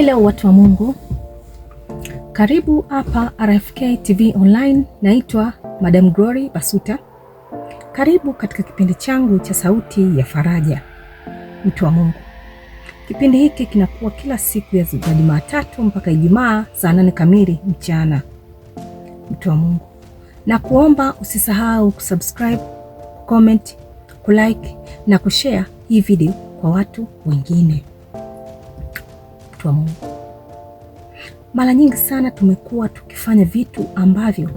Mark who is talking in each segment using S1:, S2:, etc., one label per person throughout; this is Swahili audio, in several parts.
S1: Hello watu wa Mungu, karibu hapa RFK TV online. Naitwa Madam Glory Basuta, karibu katika kipindi changu cha Sauti ya Faraja. Mtu wa Mungu, kipindi hiki kinakuwa kila siku ya Jumatatu mpaka Ijumaa saa nane kamili mchana. Mtu wa Mungu, na kuomba usisahau kusubscribe, comment, kulike na kushare hii video kwa watu wengine watu wa Mungu. Mara nyingi sana tumekuwa tukifanya vitu ambavyo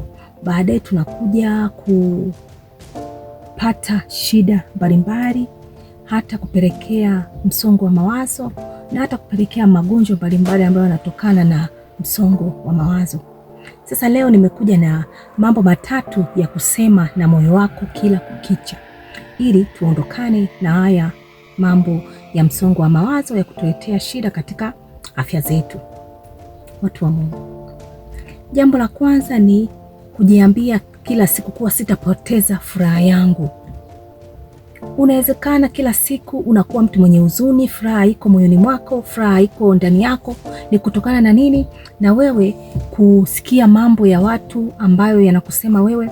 S1: baadaye tunakuja kupata shida mbalimbali, hata kupelekea msongo wa mawazo na hata kupelekea magonjwa mbalimbali ambayo yanatokana na msongo wa mawazo. Sasa leo nimekuja na mambo matatu ya kusema na moyo wako kila kukicha, ili tuondokane na haya mambo ya msongo wa mawazo ya kutuletea shida katika afya zetu. Watu wa Mungu, jambo la kwanza ni kujiambia kila siku kuwa sitapoteza furaha yangu. Unawezekana kila siku unakuwa mtu mwenye huzuni, furaha iko moyoni mwako, furaha iko ndani yako. Ni kutokana na nini? Na wewe kusikia mambo ya watu ambayo yanakusema wewe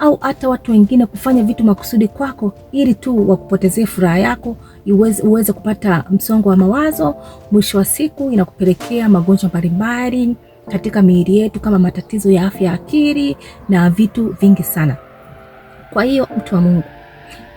S1: au hata watu wengine kufanya vitu makusudi kwako ili tu wakupotezee furaha yako, uweze, uweze kupata msongo wa mawazo. Mwisho wa siku inakupelekea magonjwa mbalimbali katika miili yetu kama matatizo ya afya ya akili na vitu vingi sana. Kwa hiyo mtu wa Mungu,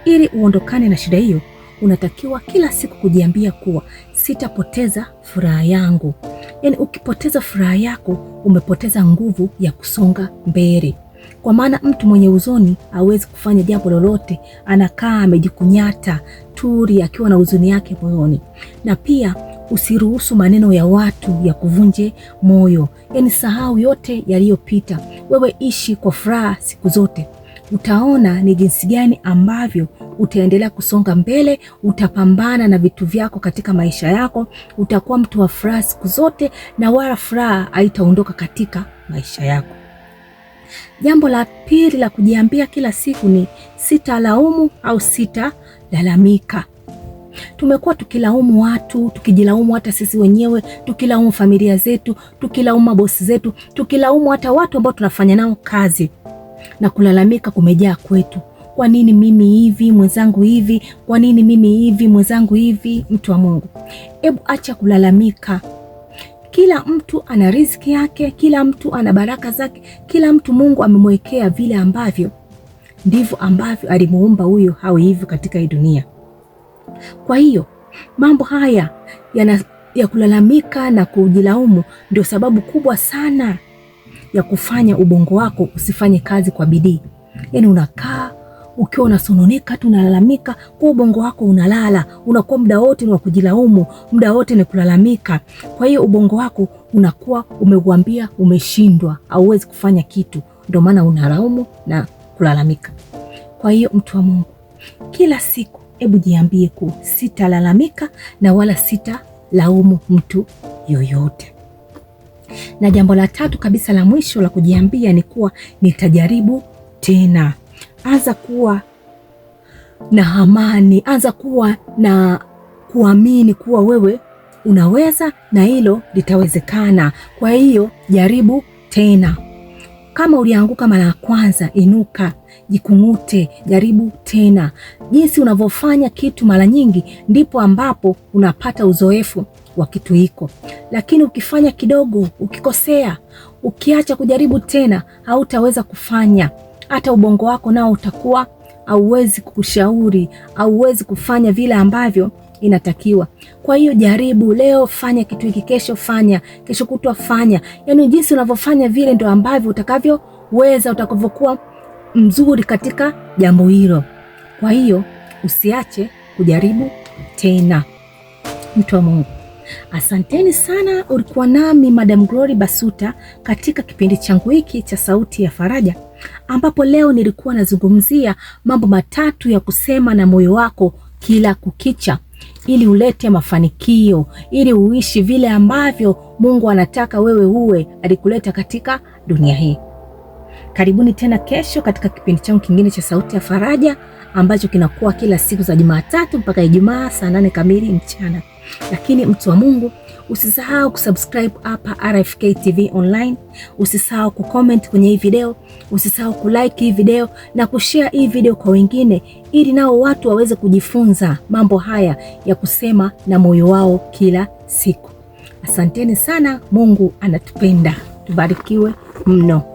S1: ili uondokane na shida hiyo, unatakiwa kila siku kujiambia kuwa sitapoteza furaha yangu. Yaani, ukipoteza furaha yako umepoteza nguvu ya kusonga mbele. Kwa maana mtu mwenye huzuni hawezi kufanya jambo lolote, anakaa amejikunyata turi akiwa na huzuni yake moyoni. Na pia usiruhusu maneno ya watu ya kuvunje moyo, yaani sahau yote yaliyopita, wewe ishi kwa furaha siku zote. Utaona ni jinsi gani ambavyo utaendelea kusonga mbele, utapambana na vitu vyako katika maisha yako, utakuwa mtu wa furaha siku zote, na wala furaha haitaondoka katika maisha yako. Jambo la pili la kujiambia kila siku ni sitalaumu au sitalalamika. Tumekuwa tukilaumu watu, tukijilaumu hata sisi wenyewe, tukilaumu familia zetu, tukilaumu mabosi zetu, tukilaumu hata watu ambao tunafanya nao kazi, na kulalamika kumejaa kwetu. Kwa nini mimi hivi, mwenzangu hivi? Kwa nini mimi hivi, mwenzangu hivi? Mtu wa Mungu, hebu acha kulalamika. Kila mtu ana riziki yake, kila mtu ana baraka zake, kila mtu Mungu amemwekea vile ambavyo ndivyo ambavyo alimuumba huyo hawe hivyo katika hii dunia. Kwa hiyo mambo haya yana, ya kulalamika na kujilaumu ndio sababu kubwa sana ya kufanya ubongo wako usifanye kazi kwa bidii, yaani unakaa ukiwa unasononeka tu unalalamika, kwa ubongo wako unalala, unakuwa muda wote ni wa kujilaumu, muda wote ni kulalamika. Kwa hiyo ubongo wako unakuwa umeuambia umeshindwa, hauwezi kufanya kitu, ndio maana unalaumu na kulalamika. Kwa hiyo mtu wa Mungu, kila siku hebu jiambie ku sitalalamika na wala sitalaumu mtu yoyote. Na jambo la tatu kabisa la mwisho la kujiambia ni kuwa nitajaribu tena anza kuwa na amani, anza kuwa na kuamini kuwa wewe unaweza na hilo litawezekana. Kwa hiyo jaribu tena. Kama ulianguka mara ya kwanza, inuka, jikung'ute, jaribu tena. Jinsi unavyofanya kitu mara nyingi, ndipo ambapo unapata uzoefu wa kitu hiko. Lakini ukifanya kidogo, ukikosea, ukiacha kujaribu tena, hautaweza kufanya hata ubongo wako nao utakuwa hauwezi kukushauri, hauwezi kufanya vile ambavyo inatakiwa. Kwa hiyo jaribu leo, fanya kitu hiki, kesho fanya, kesho kutwa fanya. Yaani jinsi unavyofanya vile ndio ambavyo utakavyoweza, utakavyokuwa mzuri katika jambo hilo. Kwa hiyo usiache kujaribu tena, mtu wa Mungu. Asanteni sana, ulikuwa nami Madam Glory Basuta katika kipindi changu hiki cha Sauti ya Faraja ambapo leo nilikuwa nazungumzia mambo matatu ya kusema na moyo wako kila kukicha ili ulete mafanikio, ili uishi vile ambavyo Mungu anataka wewe uwe alikuleta katika dunia hii. Karibuni tena kesho katika kipindi changu kingine cha Sauti ya Faraja ambacho kinakuwa kila siku za Jumatatu mpaka Ijumaa saa nane kamili mchana. Lakini mtu wa Mungu, usisahau kusubscribe hapa RFK TV online, usisahau kucomment kwenye hii video, usisahau kulike hii video na kushare hii video kwa wengine, ili nao watu waweze kujifunza mambo haya ya kusema na moyo wao kila siku. Asanteni sana. Mungu anatupenda, tubarikiwe mno.